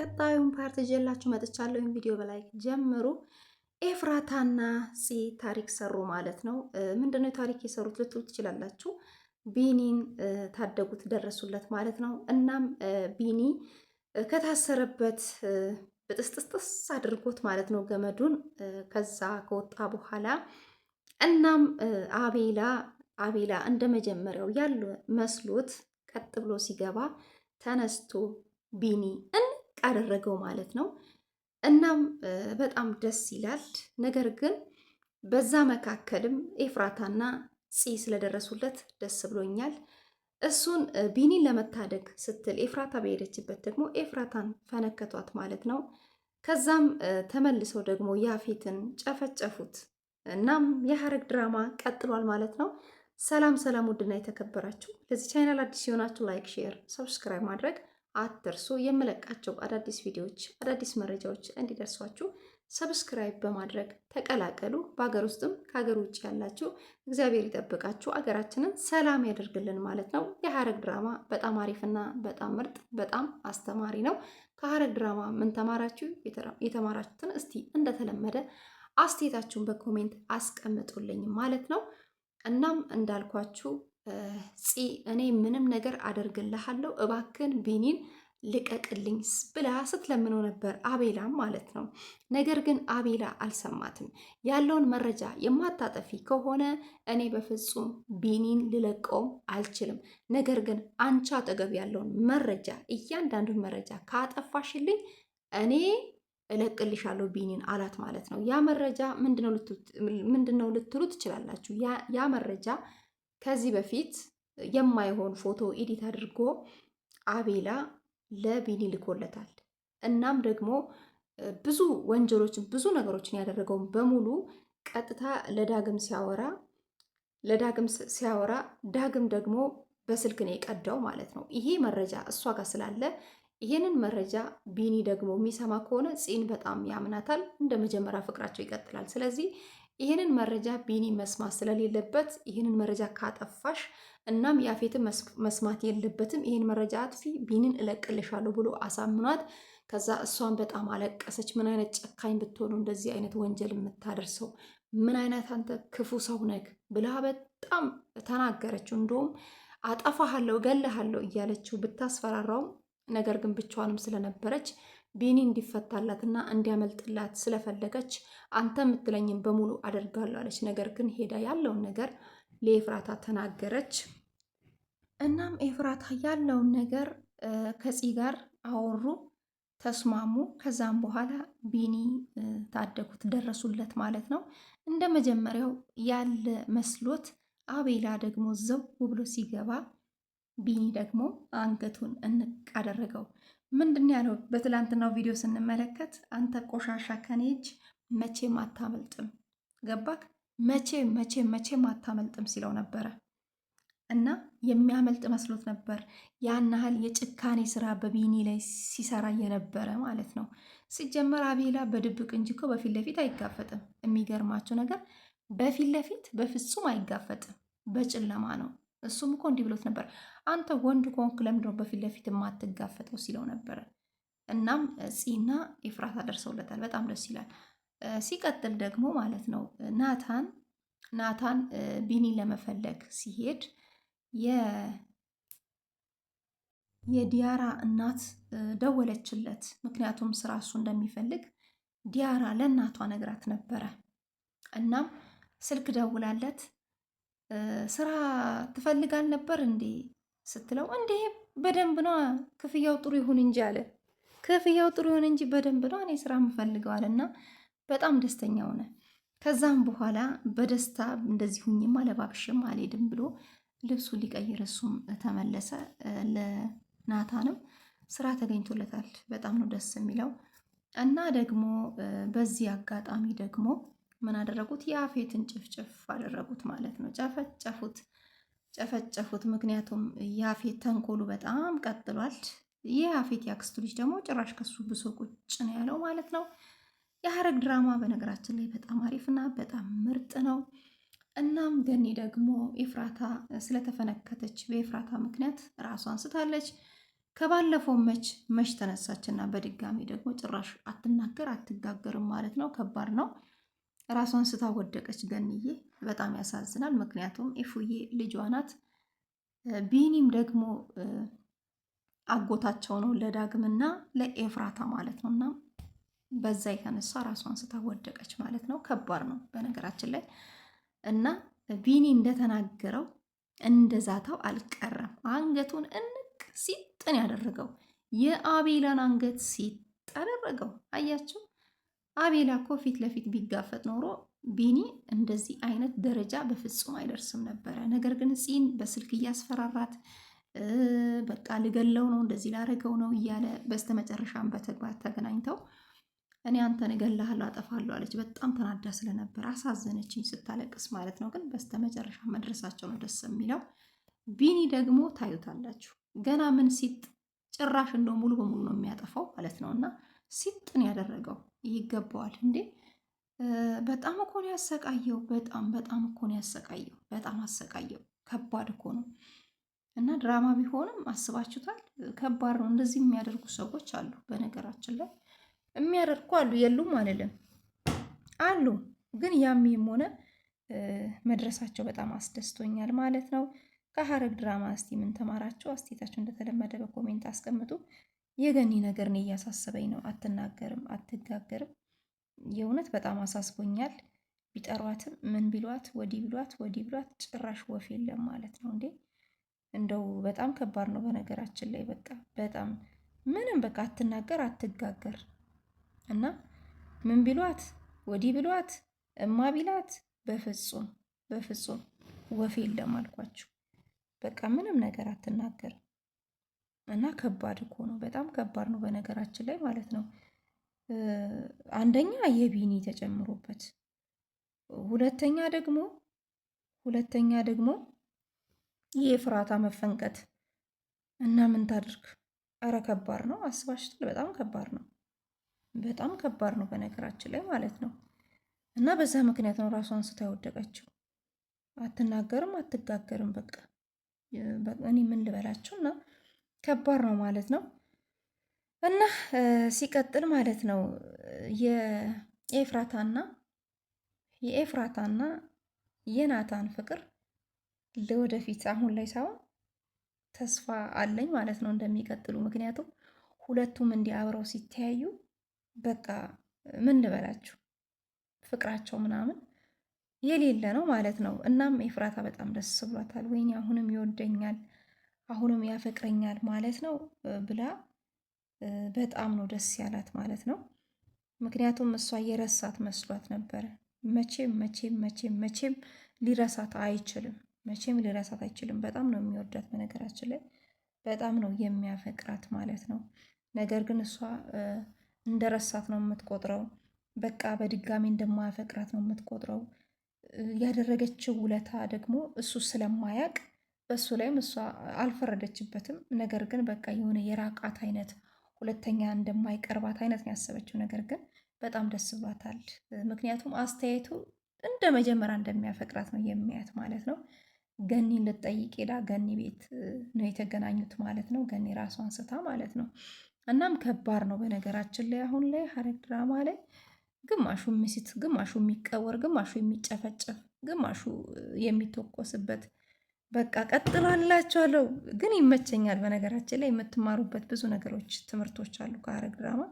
ቀጣዩን ፓርት ይዤላችሁ መጥቻለሁ። ቪዲዮ በላይ ጀምሩ። ኤፍራታና ፂ ታሪክ ሰሩ ማለት ነው። ምንድነው ታሪክ የሰሩት ልትሉ ትችላላችሁ። ቢኒን ታደጉት፣ ደረሱለት ማለት ነው። እናም ቢኒ ከታሰረበት ብጥስጥስጥስ አድርጎት ማለት ነው ገመዱን ከዛ ከወጣ በኋላ እናም አቤላ አቤላ እንደ መጀመሪያው ያሉ መስሎት ቀጥ ብሎ ሲገባ ተነስቶ ቢኒ አደረገው ማለት ነው። እናም በጣም ደስ ይላል። ነገር ግን በዛ መካከልም ኤፍራታና ፂ ስለደረሱለት ደስ ብሎኛል። እሱን ቢኒን ለመታደግ ስትል ኤፍራታ በሄደችበት ደግሞ ኤፍራታን ፈነከቷት ማለት ነው። ከዛም ተመልሰው ደግሞ ያፌትን ጨፈጨፉት። እናም የሐረግ ድራማ ቀጥሏል ማለት ነው። ሰላም ሰላም! ውድና የተከበራችሁ ለዚህ ቻይናል አዲስ የሆናችሁ ላይክ፣ ሼር፣ ሰብስክራይብ ማድረግ አትርሱ። የምለቃቸው አዳዲስ ቪዲዮዎች፣ አዳዲስ መረጃዎች እንዲደርሷችሁ ሰብስክራይብ በማድረግ ተቀላቀሉ። በሀገር ውስጥም ከሀገር ውጭ ያላችሁ እግዚአብሔር ይጠብቃችሁ፣ አገራችንን ሰላም ያደርግልን ማለት ነው። የሀረግ ድራማ በጣም አሪፍና በጣም ምርጥ በጣም አስተማሪ ነው። ከሀረግ ድራማ ምን ተማራችሁ? የተማራችሁትን እስቲ እንደተለመደ አስተያየታችሁን በኮሜንት አስቀምጡልኝ ማለት ነው። እናም እንዳልኳችሁ ፂ እኔ ምንም ነገር አደርግልሃለሁ እባክን ቢኒን ልቀቅልኝ ብላ ስትለምነው ነበር፣ አቤላ ማለት ነው። ነገር ግን አቤላ አልሰማትም። ያለውን መረጃ የማታጠፊ ከሆነ እኔ በፍጹም ቢኒን ልለቀውም አልችልም። ነገር ግን አንቺ አጠገብ ያለውን መረጃ እያንዳንዱን መረጃ ካጠፋሽልኝ እኔ እለቅልሻለሁ ቢኒን አላት ማለት ነው። ያ መረጃ ምንድነው ልትሉ ትችላላችሁ። ያ መረጃ ከዚህ በፊት የማይሆን ፎቶ ኤዲት አድርጎ አቤላ ለቢኒ ልኮለታል። እናም ደግሞ ብዙ ወንጀሎችን ብዙ ነገሮችን ያደረገውን በሙሉ ቀጥታ ለዳግም ሲያወራ ለዳግም ሲያወራ ዳግም ደግሞ በስልክ ነው የቀዳው ማለት ነው። ይሄ መረጃ እሷ ጋር ስላለ ይሄንን መረጃ ቢኒ ደግሞ የሚሰማ ከሆነ ፂን በጣም ያምናታል። እንደ መጀመሪያ ፍቅራቸው ይቀጥላል። ስለዚህ ይህንን መረጃ ቢኒ መስማት ስለሌለበት ይህንን መረጃ ካጠፋሽ እናም ያፌትን መስማት የለበትም ይህን መረጃ አጥፊ ቢኒን እለቅልሻለሁ ብሎ አሳምኗት ከዛ እሷን በጣም አለቀሰች። ምን አይነት ጨካኝ ብትሆኑ እንደዚህ አይነት ወንጀል የምታደርሰው ምን አይነት አንተ ክፉ ሰው ነህ ብላ በጣም ተናገረችው። እንደውም አጠፋሃለሁ፣ እገልሃለሁ እያለችው ብታስፈራራውም ነገር ግን ብቻዋንም ስለነበረች ቢኒ እንዲፈታላትና እንዲያመልጥላት ስለፈለገች አንተ የምትለኝን በሙሉ አደርጋለሁ አለች። ነገር ግን ሄዳ ያለውን ነገር ለኤፍራታ ተናገረች። እናም ኤፍራታ ያለውን ነገር ከፂ ጋር አወሩ፣ ተስማሙ። ከዛም በኋላ ቢኒ ታደጉት፣ ደረሱለት ማለት ነው። እንደ መጀመሪያው ያለ መስሎት አቤላ ደግሞ ዘው ብሎ ሲገባ ቢኒ ደግሞ አንገቱን እንቅ አደረገው። ምንድን ያለው በትላንትናው ቪዲዮ ስንመለከት አንተ ቆሻሻ ከኔ እጅ መቼም አታመልጥም፣ ገባክ? መቼም መቼም መቼም አታመልጥም ሲለው ነበረ እና የሚያመልጥ መስሎት ነበር። ያን ያህል የጭካኔ ስራ በቢኒ ላይ ሲሰራ የነበረ ማለት ነው። ሲጀመር አቤላ በድብቅ እንጂ እኮ በፊት ለፊት አይጋፈጥም። የሚገርማችሁ ነገር በፊት ለፊት በፍጹም አይጋፈጥም፣ በጨለማ ነው እሱም እኮ እንዲህ ብሎት ነበር፣ አንተ ወንድ ከሆንክ ለምንድነው በፊት ለፊት የማትጋፈጠው ሲለው ነበረ። እናም ፂና ኤፍራታ ደርሰውለታል። በጣም ደስ ይላል። ሲቀጥል ደግሞ ማለት ነው ናታን ናታን ቢኒን ለመፈለግ ሲሄድ የዲያራ እናት ደወለችለት። ምክንያቱም ስራ እሱ እንደሚፈልግ ዲያራ ለእናቷ ነግራት ነበረ። እናም ስልክ ደውላለት ስራ ትፈልጋል ነበር እንዴ ስትለው፣ እንዴ በደንብ ነዋ ክፍያው ጥሩ ይሁን እንጂ አለ። ክፍያው ጥሩ ይሁን እንጂ በደንብ ነ እኔ ስራ የምፈልገው አለና በጣም ደስተኛ ሆነ። ከዛም በኋላ በደስታ እንደዚህ ሁኝም አለባብሽም አልሄድም ብሎ ልብሱ ሊቀይር እሱም ተመለሰ። ለናታንም ስራ ተገኝቶለታል። በጣም ነው ደስ የሚለው እና ደግሞ በዚህ አጋጣሚ ደግሞ ምን አደረጉት? የአፌትን ጭፍጭፍ አደረጉት ማለት ነው። ጨፈጨፉት ጨፈጨፉት። ምክንያቱም የአፌት ተንኮሉ በጣም ቀጥሏል። አፌት ያክስቱ ልጅ ደግሞ ጭራሽ ከሱ ብሶ ቁጭ ነው ያለው ማለት ነው። የሀረግ ድራማ በነገራችን ላይ በጣም አሪፍና በጣም ምርጥ ነው። እናም ገኒ ደግሞ ኤፍራታ ስለተፈነከተች በኤፍራታ ምክንያት ራሷ አንስታለች ከባለፈው መች መች ተነሳችና በድጋሚ ደግሞ ጭራሽ አትናገር አትጋገርም ማለት ነው። ከባድ ነው። ራሷን ስታ ወደቀች ገንዬ። በጣም ያሳዝናል። ምክንያቱም ኢፉዬ ልጇ ናት። ቢኒም ደግሞ አጎታቸው ነው ለዳግምና ለኤፍራታ ማለት ነው። እና በዛ የተነሳ ራሷን ስታ ወደቀች ማለት ነው። ከባድ ነው በነገራችን ላይ እና ቢኒ እንደተናገረው እንደዛታው አልቀረም። አንገቱን እንቅ ሲጥን ያደረገው የአቤላን አንገት ሲጥ አደረገው። አያቸው አቤላ እኮ ፊት ለፊት ቢጋፈጥ ኖሮ ቢኒ እንደዚህ አይነት ደረጃ በፍጹም አይደርስም ነበረ። ነገር ግን ፂን በስልክ እያስፈራራት በቃ ልገለው ነው እንደዚህ ላረገው ነው እያለ በስተመጨረሻም በተግባር ተገናኝተው እኔ አንተን እገልሃለሁ አጠፋለሁ አለች። በጣም ተናዳ ስለነበር አሳዘነችኝ ስታለቅስ ማለት ነው። ግን በስተመጨረሻ መድረሳቸው ነው ደስ የሚለው። ቢኒ ደግሞ ታዩታላችሁ ገና ምን ሲጥ ጭራሽ እንደው ሙሉ በሙሉ ነው የሚያጠፋው ማለት ነው እና ሲጥን ያደረገው ይገባዋል እንዴ? በጣም እኮ ነው ያሰቃየው። በጣም በጣም እኮ ነው ያሰቃየው። በጣም አሰቃየው። ከባድ እኮ ነው። እና ድራማ ቢሆንም አስባችሁታል? ከባድ ነው። እንደዚህ የሚያደርጉ ሰዎች አሉ። በነገራችን ላይ የሚያደርጉ አሉ፣ የሉም አልልም፣ አሉ። ግን ያም ሆነ መድረሳቸው በጣም አስደስቶኛል ማለት ነው። ከሀረግ ድራማ እስቲ ምን ተማራችሁ? እንደተለመደ በኮሜንት አስቀምጡ። የገኒ ነገር እኔ እያሳሰበኝ ነው። አትናገርም፣ አትጋገርም። የእውነት በጣም አሳስቦኛል። ቢጠሯትም ምን ቢሏት ወዲህ ቢሏት ወዲህ ቢሏት ጭራሽ ወፍ የለም ማለት ነው እንዴ! እንደው በጣም ከባድ ነው። በነገራችን ላይ በቃ በጣም ምንም በቃ አትናገር፣ አትጋገር እና ምን ቢሏት ወዲህ ቢሏት እማ ቢላት በፍጹም በፍጹም ወፍ የለም አልኳችሁ። በቃ ምንም ነገር አትናገርም። እና ከባድ እኮ ነው፣ በጣም ከባድ ነው በነገራችን ላይ ማለት ነው። አንደኛ የቢኒ ተጨምሮበት፣ ሁለተኛ ደግሞ ሁለተኛ ደግሞ የኤፍራታ መፈንቀት እና ምን ታድርግ? ኧረ ከባድ ነው አስባሽታል። በጣም ከባድ ነው፣ በጣም ከባድ ነው በነገራችን ላይ ማለት ነው። እና በዛ ምክንያት ነው ራሷን ስታ የወደቀችው። አትናገርም፣ አትጋገርም። በቃ እኔ ምን ልበላችሁ እና ከባድ ነው ማለት ነው። እና ሲቀጥል ማለት ነው የኤፍራታና የኤፍራታና የናታን ፍቅር ለወደፊት አሁን ላይ ሳይሆን ተስፋ አለኝ ማለት ነው እንደሚቀጥሉ። ምክንያቱም ሁለቱም እንዲህ አብረው ሲተያዩ በቃ ምን ልበላችሁ ፍቅራቸው ምናምን የሌለ ነው ማለት ነው። እናም ኤፍራታ በጣም ደስ ብሏታል። ወይኔ አሁንም ይወደኛል አሁንም ያፈቅረኛል ማለት ነው ብላ በጣም ነው ደስ ያላት ማለት ነው። ምክንያቱም እሷ የረሳት መስሏት ነበረ። መቼም መቼም መቼም መቼም ሊረሳት አይችልም። መቼም ሊረሳት አይችልም። በጣም ነው የሚወዳት በነገራችን ላይ በጣም ነው የሚያፈቅራት ማለት ነው። ነገር ግን እሷ እንደ ረሳት ነው የምትቆጥረው። በቃ በድጋሚ እንደማያፈቅራት ነው የምትቆጥረው። ያደረገችው ውለታ ደግሞ እሱ ስለማያቅ በእሱ ላይም እሷ አልፈረደችበትም። ነገር ግን በቃ የሆነ የራቃት አይነት ሁለተኛ እንደማይቀርባት አይነት ነው ያሰበችው። ነገር ግን በጣም ደስ ብሏታል። ምክንያቱም አስተያየቱ እንደ መጀመሪያ እንደሚያፈቅራት ነው የሚያት ማለት ነው። ገኒ ልጠይቅ ሄዳ ገኒ ቤት ነው የተገናኙት ማለት ነው። ገኒ ራሷ አንስታ ማለት ነው። እናም ከባድ ነው በነገራችን ላይ አሁን ላይ ሐረግ ድራማ ላይ ግማሹ ሚስት፣ ግማሹ የሚቀወር፣ ግማሹ የሚጨፈጨፍ፣ ግማሹ የሚተኮስበት በቃ ቀጥሎ ግን ይመቸኛል። በነገራችን ላይ የምትማሩበት ብዙ ነገሮች ትምህርቶች አሉ። ከሐረግ ድራማ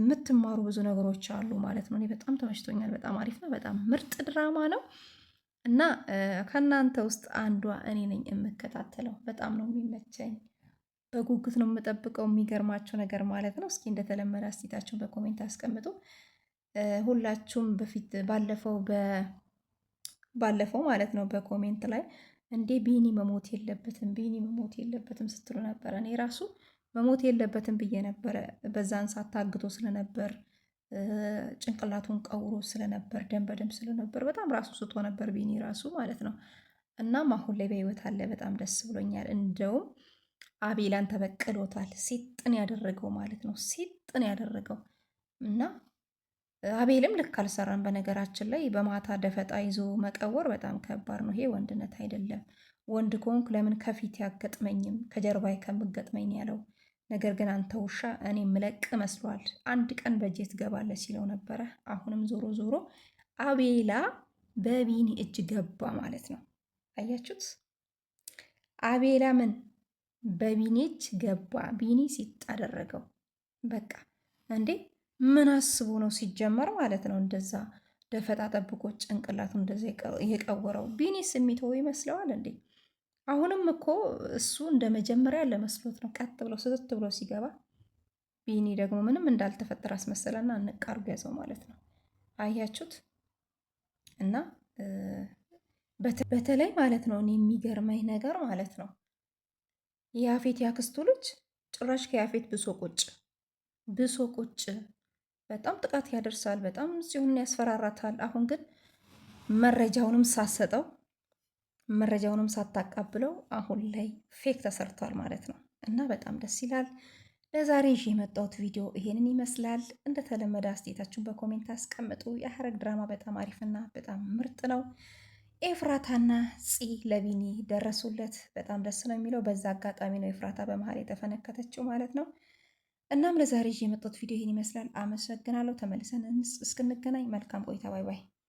የምትማሩ ብዙ ነገሮች አሉ ማለት ነው። እኔ በጣም ተመችቶኛል። በጣም አሪፍ ነው። በጣም ምርጥ ድራማ ነው እና ከእናንተ ውስጥ አንዷ እኔ ነኝ የምከታተለው። በጣም ነው የሚመቸኝ። በጉጉት ነው የምጠብቀው። የሚገርማቸው ነገር ማለት ነው። እስኪ እንደተለመደ አስቴታቸውን በኮሜንት አስቀምጡ። ሁላችሁም በፊት ባለፈው ባለፈው ማለት ነው በኮሜንት ላይ እንዴ ቢኒ መሞት የለበትም ቢኒ መሞት የለበትም ስትሉ ነበረ። እኔ ራሱ መሞት የለበትም ብዬ ነበረ። በዛን ሰዓት ታግቶ ስለነበር ጭንቅላቱን ቀውሮ ስለነበር ደም በደም ስለነበር በጣም ራሱ ስቶ ነበር ቢኒ ራሱ ማለት ነው። እናም አሁን ላይ በህይወት አለ። በጣም ደስ ብሎኛል። እንደውም አቤላን ተበቅሎታል። ሲጥን ያደረገው ማለት ነው። ሲጥን ያደረገው እና አቤልም ልክ አልሰራም። በነገራችን ላይ በማታ ደፈጣ ይዞ መቀወር በጣም ከባድ ነው። ይሄ ወንድነት አይደለም። ወንድ ከሆንክ ለምን ከፊት ያገጥመኝም ከጀርባ ከምገጥመኝ ያለው ነገር ግን አንተ ውሻ እኔ ምለቅ መስሏል፣ አንድ ቀን በእጄ ትገባለህ ሲለው ነበረ። አሁንም ዞሮ ዞሮ አቤላ በቢኒ እጅ ገባ ማለት ነው። አያችሁት? አቤላ ምን በቢኒ እጅ ገባ። ቢኒ ሲጥ አደረገው። በቃ እንዴ ምን አስቡ ነው ሲጀመር ማለት ነው። እንደዛ ደፈጣ ጠብቆ ጭንቅላቱ እንደዛ የቀወረው ቢኒ የሚተው ይመስለዋል እንዴ? አሁንም እኮ እሱ እንደ መጀመሪያ ለመስሎት ነው ቀጥ ብሎ ስትት ብሎ ሲገባ፣ ቢኒ ደግሞ ምንም እንዳልተፈጠረ አስመሰለና እንቃርጉ ያዘው ማለት ነው። አያችሁት? እና በተለይ ማለት ነው እኔ የሚገርመኝ ነገር ማለት ነው የአፌት ያክስቱ ልጅ ጭራሽ ከያፌት ብሶ ቁጭ ብሶ ቁጭ በጣም ጥቃት ያደርሳል። በጣም ጽዮን ያስፈራራታል። አሁን ግን መረጃውንም ሳሰጠው መረጃውንም ሳታቃብለው አሁን ላይ ፌክ ተሰርቷል ማለት ነው እና በጣም ደስ ይላል። ለዛሬ ይዤ የመጣሁት ቪዲዮ ይሄንን ይመስላል። እንደተለመደ አስተያየታችሁን በኮሜንት አስቀምጡ። የሐረግ ድራማ በጣም አሪፍና በጣም ምርጥ ነው። ኤፍራታና ፂ ለቢኒ ደረሱለት። በጣም ደስ ነው የሚለው በዛ አጋጣሚ ነው ኤፍራታ በመሀል የተፈነከተችው ማለት ነው። እናም ለዛሬ ይዤ የመጣሁት ቪዲዮ ይህን ይመስላል። አመሰግናለሁ። ተመልሰን እስክንገናኝ መልካም ቆይታ። ባይ ባይ።